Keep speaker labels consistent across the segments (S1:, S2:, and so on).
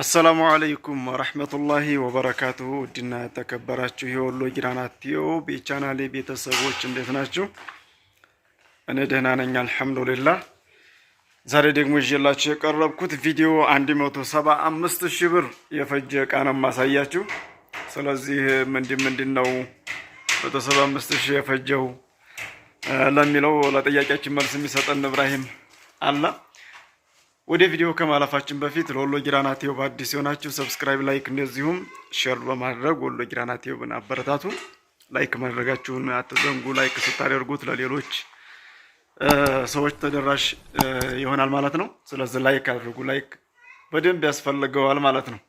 S1: አሰላሙ አለይኩም ወረህመቱላሂ ወበረካቱሁ። ውድና የተከበራችሁ የወሎ ጊራና ቲዩብ ቤቻናሌ ቤተሰቦች እንዴት ናችሁ? እኔ ደህና ነኝ አልሐምዱሊላ። ዛሬ ደግሞ ይዤላችሁ የቀረብኩት ቪዲዮ አንድ መቶ 175 ሺህ ብር የፈጀ እቃ ነው የማሳያችሁ። ስለዚህ ምንድን ምንድን ነው 175 ሺህ የፈጀው ለሚለው ለጥያቄያችን መልስ የሚሰጠን እብራሂም አላ ወደ ቪዲዮ ከማለፋችን በፊት ለወሎ ጊራና ቲዩብ አዲስ የሆናችሁ ሰብስክራይብ፣ ላይክ እንደዚሁም ሼር በማድረግ ወሎ ጊራና ቲዩብን አበረታቱ። ላይክ ማድረጋችሁን አትዘንጉ። ላይክ ስታደርጉት ለሌሎች ሰዎች ተደራሽ ይሆናል ማለት ነው። ስለዚህ ላይክ አድርጉ። ላይክ በደንብ ያስፈልገዋል ማለት ነው።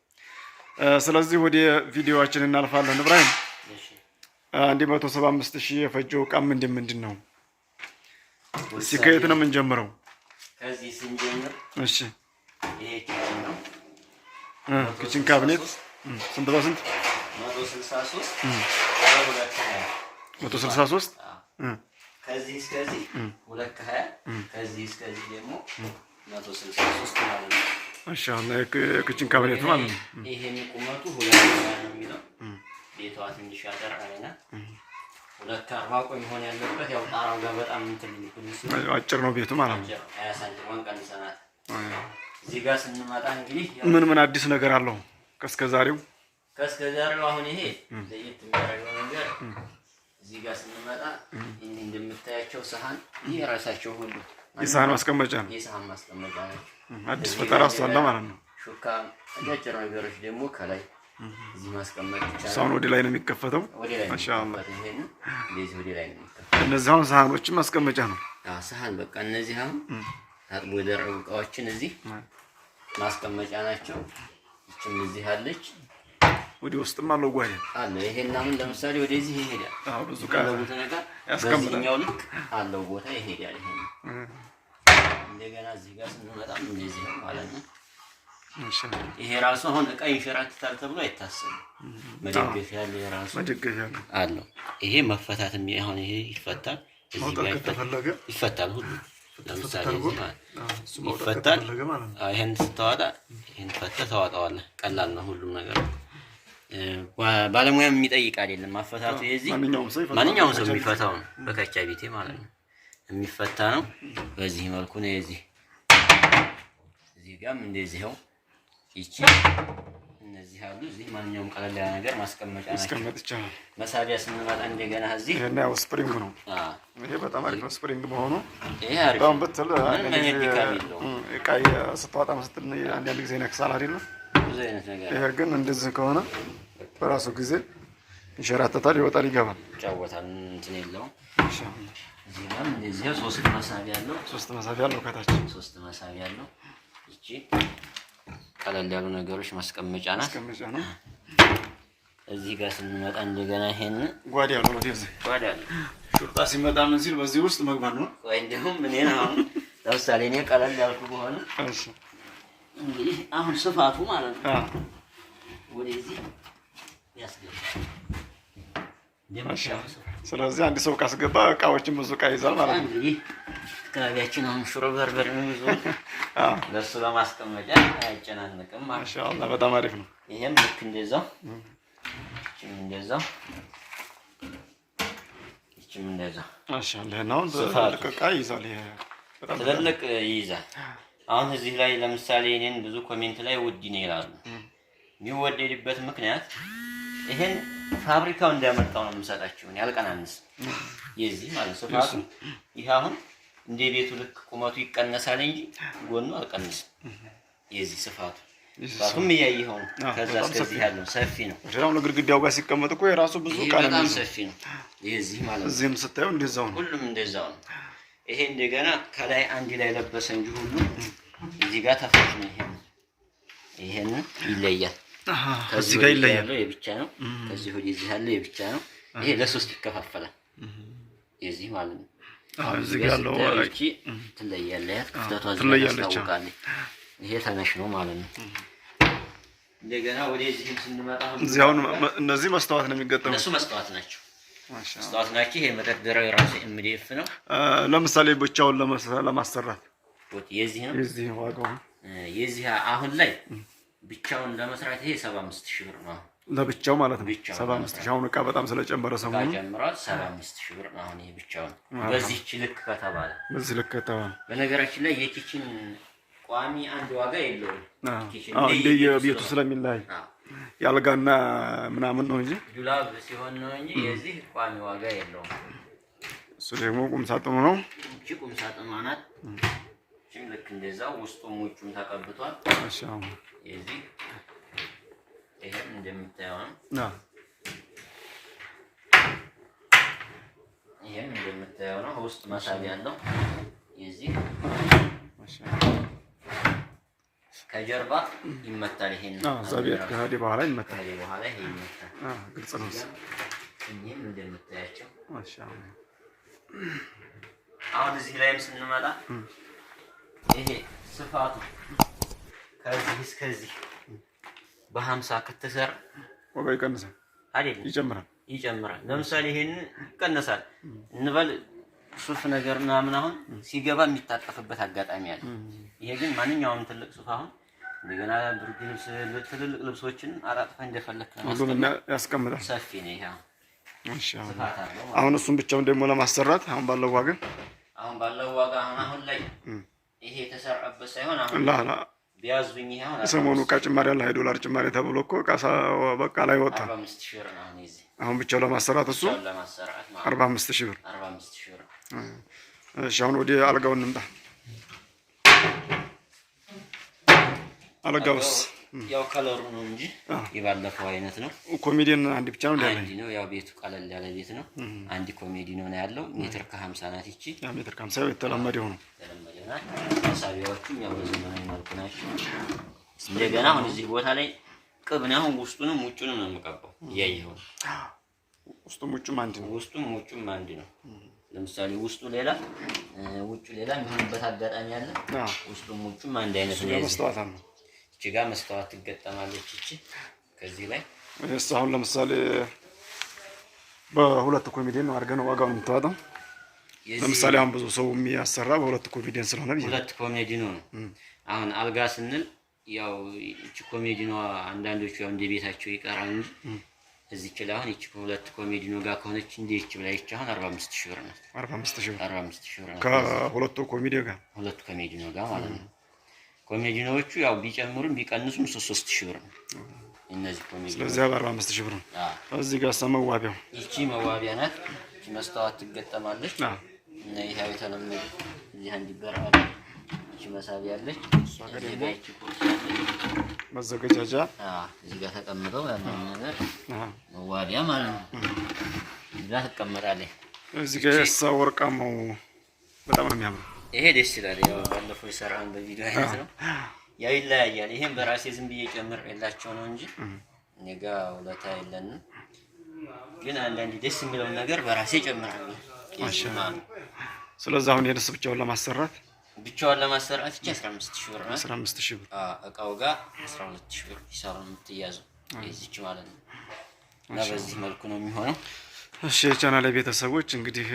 S1: ስለዚህ ወደ ቪዲዮዋችን እናልፋለን። እብራሂም አምስት ሺህ የፈጀው እቃ ምንድን ምንድን ነው? እስኪ ከየት ነው የምንጀምረው?
S2: ከዚህ ስንጀምር እሺ፣ ይሄ ኪችን ነው።
S1: ኪችን ካቢኔት ስንት በስንት? መቶ ስልሳ ሦስት
S2: ከዚህ እስከዚህ ሁለት ሀያ ከዚህ እስከዚህ ደግሞ መቶ ስልሳ ሦስት ማለት ነው።
S1: እሺ፣ አሁን ማለት ነው።
S2: ይሄን ቁመቱ ሁለት ነው የሚለው ቤቷ ትንሽ ያጠራ አይና ሁለት አርባ ቆይ መሆን ያለበት ያው ጣራው ጋር በጣም እንትን አጭር ነው ቤቱ ማለት ነው። ሀያ ቀንሰናት እዚህ ጋር ስንመጣ እንግዲህ ምን
S1: ምን አዲስ ነገር አለው ከእስከ ዛሬው
S2: ከእስከ ዛሬው አሁን ይሄ ለየት የሚያደርገው ነገር እዚህ ጋር ስንመጣ እንዲህ እንደምታያቸው ሰሀን ይህ ሁሉ የሰሀን ማስቀመጫ ነው። የሰሀን ማስቀመጫ ነው። አዲስ ፈጠራ እሷ አለ ማለት ነው። ሹካ አጫጭር ነገሮች ደግሞ ከላይ እዚህ ሳህኑ ወደ ላይ ነው የሚከፈተው። ማሻአላህ ነው
S1: እነዚህ ሳህኖችን ማስቀመጫ ነው።
S2: አዎ ሳህን በቃ እነዚህ አሁን ታጥቦ የደረቁ እቃዎችን እዚህ ማስቀመጫ ናቸው። ይችም እዚህ አለች። ወደ ውስጥም አለው ጓዳ አለ። ይሄን አሁን ለምሳሌ ወደዚህ ይሄዳል። አዎ ብዙ ቃል ነገር ያስቀምጣል። ልክ አለው ቦታ ይሄዳል። ይሄን እንደገና እዚህ ጋር ስንመጣም እንደዚህ ማለት ነው። ይሄ ራሱ አሁን እቃ ይንሸራተታል ተብሎ አይታሰብም። መደገፍ ያለ አለው። ይሄ መፈታት አሁን ይሄ ይፈታል፣ ይፈታል፣ ሁሉ ይፈታል። ይህን ይህን ፈተ ቀላል ነው ሁሉም ነገር። ባለሙያም የሚጠይቅ አይደለም። የዚህ ማንኛውም ሰው የሚፈታው ነው። በከቻ ቤቴ ማለት ነው የሚፈታ ነው። በዚህ መልኩ ነው የዚህ እዚህ ጋም እንደዚህው
S1: ይቺ እነዚህ አሉ። እዚህ ማንኛውም ቀለል ያለ ነገር ማስቀመጫ ማስቀመጥ መሳቢያ
S2: ስንመጣ እንደገና እዚህ ይሄና ያው
S1: ስፕሪንግ ነው። ይሄ በጣም አሪፍ ነው ስፕሪንግ መሆኑ። ይሄ አሪፍ ብትል እቃ ስትዋጣ ስትል አንዳንድ ጊዜ ነክሳል አይደለም። ይሄ ግን እንደዚህ ከሆነ በራሱ ጊዜ ይሸራተታል፣ ይወጣል፣ ይገባል፣
S2: ይጫወታል። እንትን የለውም። እንደዚህ ሶስት መሳቢያ አለው። ሶስት መሳቢያ አለው ከታች ሶስት መሳቢያ አለው። ይቺ ቀለል ያሉ ነገሮች ማስቀመጫ ናት። እዚህ ጋር ስንመጣ እንደገና ይሄን ጓዳ ያለው ነው። እዚህ ጓዳ
S1: ያለው ሹርጣ ሲመጣ ምን ሲል በዚህ ውስጥ መግባት ነው ወይ? እንደውም
S2: እኔ ነው ለምሳሌ እኔ ቀለል ያልኩ በሆነ እሺ፣ እንግዲህ አሁን ስፋቱ ማለት ነው ወደዚህ ያስገባል።
S1: ስለዚህ አንድ ሰው ካስገባ እቃዎችን ብዙ እቃ ይዛል ማለት ነው።
S2: አካባቢያችን አሁን ሽሮ በርበር ለእሱ ለማስቀመጫ አይጨናንቅም በጣም አሪፍ ነው። ይሄም ልክ እንደዛው፣ ይህም እንደዛው፣ ይህም
S1: እንደዛው። ትልቅ እቃ ይይዛል። ይሄ ይይዛል።
S2: አሁን እዚህ ላይ ለምሳሌ እኔን ብዙ ኮሜንት ላይ ውድ ነው ይላሉ። የሚወደድበት ምክንያት ይሄን ፋብሪካው እንዳመጣው ነው የምሰጣችሁ። እኔ አልቀናንስ የዚህ ማለት ስፋቱ ይሄ አሁን እንደ ቤቱ ልክ ቁመቱ ይቀነሳል እንጂ ጎኑ አልቀንስም። የዚህ ስፋቱ ባቱም እያየኸው ነው። ከዛ እስከዚህ ያለው ሰፊ ነው።
S1: ሌላው ግድግዳው ጋር ሲቀመጥ እኮ የራሱ ብዙ ቃል ነው፣ ሰፊ ነው የዚህ ማለት ነው። እዚህም ስታየው እንደዛው ነው፣
S2: ሁሉም እንደዛው ነው። ይሄ እንደገና ከላይ አንድ ላይ ለበሰ እንጂ ሁሉ እዚህ ጋር ተፈሽ ነው። ይሄ ይሄን ይለያል ከዚህ ጋር ይለያል። ያለው የብቻ ነው። ከዚህ ወዲህ እዚህ ያለው የብቻ ነው። ይሄ ለሶስት ይከፋፈላል። የዚህ ማለት ነው። እዚህ ያለው እቺ ትለያለች፣
S1: ይሄ ተነሽ ነው ማለት ነው።
S2: እንደገና ወደዚህም ስንመጣ እዚህ አሁን
S1: እነዚህ መስታወት ነው የሚገጠሙ፣ እነሱ መስታወት
S2: ናቸው መስታወት ናቸው። ይሄ መደርደሪያው የራሱ ኤምዲኤፍ ነው።
S1: ለምሳሌ ብቻውን ለማሰራት የዚህ ነው የዚህ ዋጋው
S2: የዚህ አሁን ላይ ብቻውን ለመስራት ይሄ አምስት ሺህ ብር ነው።
S1: ለብቻው ማለት ነው 75 ሺህ። አሁን በጣም ስለጨመረ ሰሞኑን ጨምሯል።
S2: ሺህ ብር አሁን ይሄ ብቻውን። ልክ ከተባለ በዚህ ልክ ከተባለ በነገራችን ላይ የኪችን ቋሚ አንድ ዋጋ የለውም። እንደ የቤቱ ስለሚለያይ
S1: ያልጋና ምናምን ነው እንጂ
S2: ዱላብ ሲሆን ነው እንጂ የዚህ ቋሚ ዋጋ የለውም።
S1: እሱ ደግሞ ቁም ሳጥኑ ነው።
S2: ቁም ልክ እንደዛው ውስጡ ሙጩም ተቀብቷል። የዚህ ይህም እንደምታየው
S1: ነው። ይህም እንደምታየው ነው። ውስጥ መሳቢያ አለው። የዚህ ከጀርባ ይመታል። ይሄን በኋላ ይመታል። በኋላ ይሄ ይመታል። ግልጽ ነው።
S2: እኚህም እንደምታያቸው አሁን እዚህ ላይም ስንመጣ ይሄ ስፋቱ ከዚህ እስከዚህ በሀምሳ ከተሰራ ዋጋ ይቀንሳል አይደል? ይጨምራል ይጨምራል። ለምሳሌ ይሄን ይቀነሳል እንበል ሱፍ ነገር ምናምን አሁን ሲገባ የሚታጠፍበት አጋጣሚ አለ። ይሄ ግን ማንኛውም ትልቅ ሱፍ አሁን እንደገና ብርድ ልብስ፣ ትልልቅ ልብሶችን አራጥፈህ እንደፈለክ ያስቀምጣል። ሰፊ ነው ይሄ
S1: አሁን። እሱን ብቻውን ደግሞ ለማሰራት አሁን ባለው ዋጋ
S2: አሁን ባለው ዋጋ አሁን ላይ ይሄ የተሰራበት ሳይሆን አሁን ቢያዙኝ ሰሞኑ እቃ
S1: ጭማሪ አለ ሀይ ዶላር ጭማሪ ተብሎ እኮ ቃሳ በቃ ላይ ወጣ። አሁን ብቻው ለማሰራት እሱ አርባ አምስት ሺህ ብር። እሺ አሁን ወደ አልጋው እንምጣ። አልጋውስ
S2: ያው ከለሩ ነው እንጂ
S1: የባለፈው አይነት ነው። ኮሜዲን አንድ ብቻ ነው ያለው አንድ
S2: ነው። ያው ቤቱ ቀለል ያለ ቤት ነው። አንድ ኮሜዲ ነው ያለው። ሜትር ከ50 ናት ይቺ። ያ ሜትር ከ50 የተለመደው ነው። ሳቢያዎቹም ያው በዘመናዊ መልኩ ናቸው። እንደገና አሁን እዚህ ቦታ ላይ ቅብን አሁን ውስጡንም ውጩንም ነው የምቀባው። እያየኸው ውስጡም ውጩም አንድ ነው። ውስጡም ውጩም አንድ ነው። ለምሳሌ ውስጡ ሌላ ውጩ ሌላ የሚሆንበት አጋጣሚ አለ። ውስጡም ውጩም አንድ አይነት ነው። ነው። እቺ ጋር መስተዋት ትገጠማለች። እቺ ከዚህ ላይ
S1: እሱ አሁን ለምሳሌ በሁለት ኮሚዲን ነው አድርገህ ነው ዋጋውን ለምሳሌ አሁን ብዙ ሰው የሚያሰራ በሁለት ኮሚዲን ስለሆነ ሁለት ኮሚዲኖ ነው።
S2: አሁን አልጋ ስንል ያው እቺ ኮሚዲኖ አንዳንዶቹ ያው እንደ ቤታቸው ይቀራል እንጂ እዚህ ይችላል። አሁን እቺ ሁለት ኮሚዲኖ ጋር ከሆነች እንደ እቺ ብላ ይቺ አሁን 45000 ብር ናት።
S1: 45000 ብር ከሁለቱ ኮሚዲኖ ጋር ሁለቱ ኮሚዲኖ ጋር ማለት ነው
S2: ኮሜዲኖቹ ያው ቢጨምሩም ቢቀንሱም
S1: ሶስት ሶስት ሺህ ብር ነው።
S2: እነዚህ ኮሜዲ ስለዚህ አርባ አምስት ሺህ ብር ነው።
S1: እዚህ ጋር መዋቢያው
S2: ይቺ መዋቢያ ናት። ይቺ መስታወት ትገጠማለች። ይህ ያው የተለመደ እዚህ አንድ በር አለ። ይቺ መሳቢያ አለች። መዘገጃጃ እዚህ ጋር ተቀምጠው ያለው ነገር መዋቢያ ማለት ነው። እዚህ ጋር ትቀመጣለች።
S1: እዚህ ጋር የሳ ወርቃማው በጣም ነው የሚያምረው
S2: ይሄ ደስ ይላል። ያው ባለፈው የሰራውን በቪዲዮ አይነት ነው። ያው ይለያያል። ይሄን በራሴ ዝም ብዬ ጨምር የላቸው ነው እንጂ እኔ ጋ ውለታ የለንም። ግን አንዳንዴ ደስ የሚለውን ነገር በራሴ ጨምራለሁ።
S1: ስለዚህ አሁን የደስ ብቻውን ለማሰራት
S2: ብቻውን ለማሰራት እቺ 15 ሺህ ብር ነው። 15 ሺህ ብር እቃው ጋር
S1: 12 ሺህ ብር ሂሳብ ነው የምትያዘው ይህች ማለት ነው። እና በዚህ መልኩ ነው የሚሆነው። እሺ የቻናሌ ቤተሰቦች እንግዲህ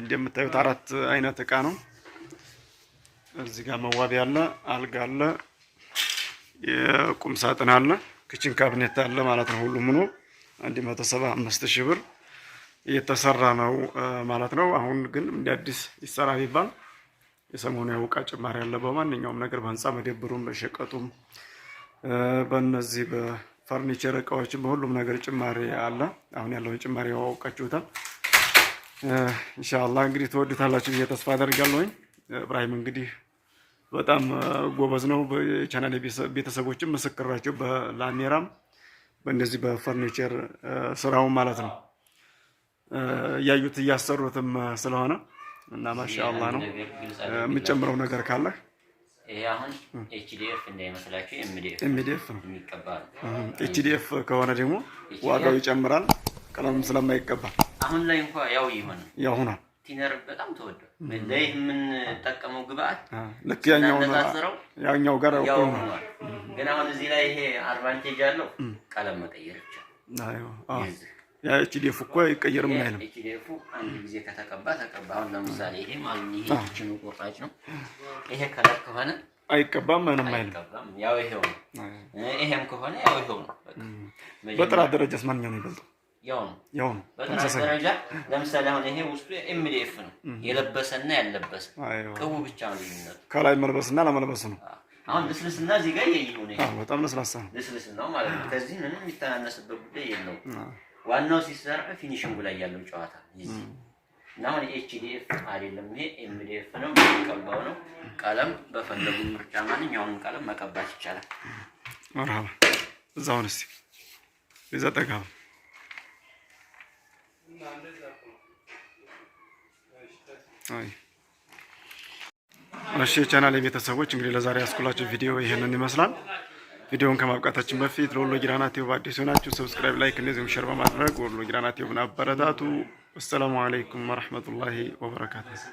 S1: እንደምታዩት አራት አይነት እቃ ነው። እዚህ ጋር መዋቢያ አለ፣ አልጋ አለ፣ የቁም ሳጥን አለ፣ ክችን ካብኔት አለ ማለት ነው። ሁሉም ሆኖ አንድ መቶ ሰባ አምስት ሺህ ብር እየተሰራ ነው ማለት ነው። አሁን ግን እንደ አዲስ ይሰራ ቢባል የሰሞኑ የውቃ ጭማሪ አለ። በማንኛውም ነገር በህንፃ መደብሩም በሸቀጡም በነዚህ በፈርኒቸር እቃዎችም በሁሉም ነገር ጭማሪ አለ። አሁን ያለውን ጭማሪ ያውቃችሁታል። እንሻላ እንግዲህ ትወዱታላችሁ ብዬ ተስፋ አደርጋለሁኝ። እብራሂም እንግዲህ በጣም ጎበዝ ነው። የቻናል ቤተሰቦችም ምስክራቸው በላሜራም በእንደዚህ በፈርኒቸር ስራው ማለት ነው እያዩት እያሰሩትም ስለሆነ እና ማሻአላህ ነው። የምጨምረው ነገር ካለ
S2: ይሄ አሁን ኤችዲኤፍ
S1: ኤምዲኤፍ ነው ኤችዲኤፍ ከሆነ ደግሞ ዋጋው ይጨምራል፣ ቀለም ስለማይቀባ
S2: አሁን ላይ እንኳ ያው ይሆናል ያው ሆኗል። ቲነር በጣም ተወዷል። ለይህ የምንጠቀመው ግብአት ልክ ያኛው ነው ያኛው ጋር ያው ሆኗል። ግን አሁን እዚህ ላይ ይሄ አድቫንቴጅ አለው ቀለም መቀየር
S1: ይቻላል። ያ ኤችዲኤፍ እኮ ይቀየርም አይልም።
S2: ኤችዲኤፉ አንድ ጊዜ ከተቀባ ተቀባ። አሁን ለምሳሌ ይሄ ማለት ይሄ ኪችኑ ቆራጭ ነው። ይሄ ከለር ከሆነ
S1: አይቀባም ምንም አይልም።
S2: ያው ይሄው ነው። ይሄም ከሆነ ያው ይሄው ነው። በጥራት ደረጃስ ማንኛው
S1: ነው ይበልጠው? ያው ነው ያው ነው። ደረጃ
S2: ለምሳሌ አሁን ይሄ ውስጡ ኤምዲኤፍ ነው የለበሰና ያለበሰ
S1: ቅቡ ብቻ ነው ልዩነቱ ከላይ መልበስና ለመልበስ ነው። አሁን
S2: ልስልስና እዚህ ጋር የይሁን ነው በጣም ለስላሳ ነው ልስልስናው ማለት ነው። ከዚህ ምንም የሚተናነስበት ጉዳይ የለው ዋናው ሲሰራ ፊኒሽንጉ ላይ ያለው ጨዋታ እዚህ እና አሁን ኤችዲኤፍ አይደለም ይሄ ኤምዲኤፍ ነው የሚቀባው ነው። ቀለም በፈለጉ ምርጫ ማንኛውንም ቀለም መቀባት ይቻላል።
S1: መርሃባ እዛውን እስኪ እዛ ጠጋ እሺ የቻናል የቤተሰቦች እንግዲህ ለዛሬ ያስኩላችሁ ቪዲዮ ይህንን ይመስላል። ቪዲዮውን ከማብቃታችን በፊት ለወሎ ጊራና ቲዩብ አዲስ ሆናችሁ ሰብስክራይብ፣ ላይክ እንደዚሁም ሸር በማድረግ ወሎ ጊራና ቲዩብን አበረታቱ። አሰላሙ አለይኩም ወረህመቱላሂ ወበረካቱ።